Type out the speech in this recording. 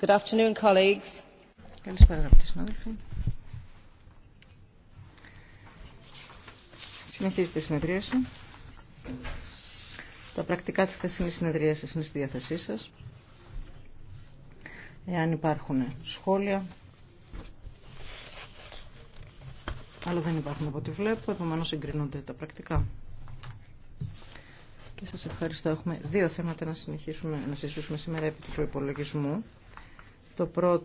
Good afternoon, colleagues. Καλησπέρα, αγαπητοί συνάδελφοι. Συνεχίζεται η συνεδρίαση. Τα πρακτικά της χθεσινής συνεδρίασης είναι στη διάθεσή σας. Εάν υπάρχουν σχόλια, αλλά δεν υπάρχουν από ό,τι βλέπω, επομένως εγκρίνονται τα πρακτικά. Και σας ευχαριστώ. Έχουμε δύο θέματα να, συνεχίσουμε, να συζητήσουμε σήμερα επί του προϋπολογισμού. Το πρώτο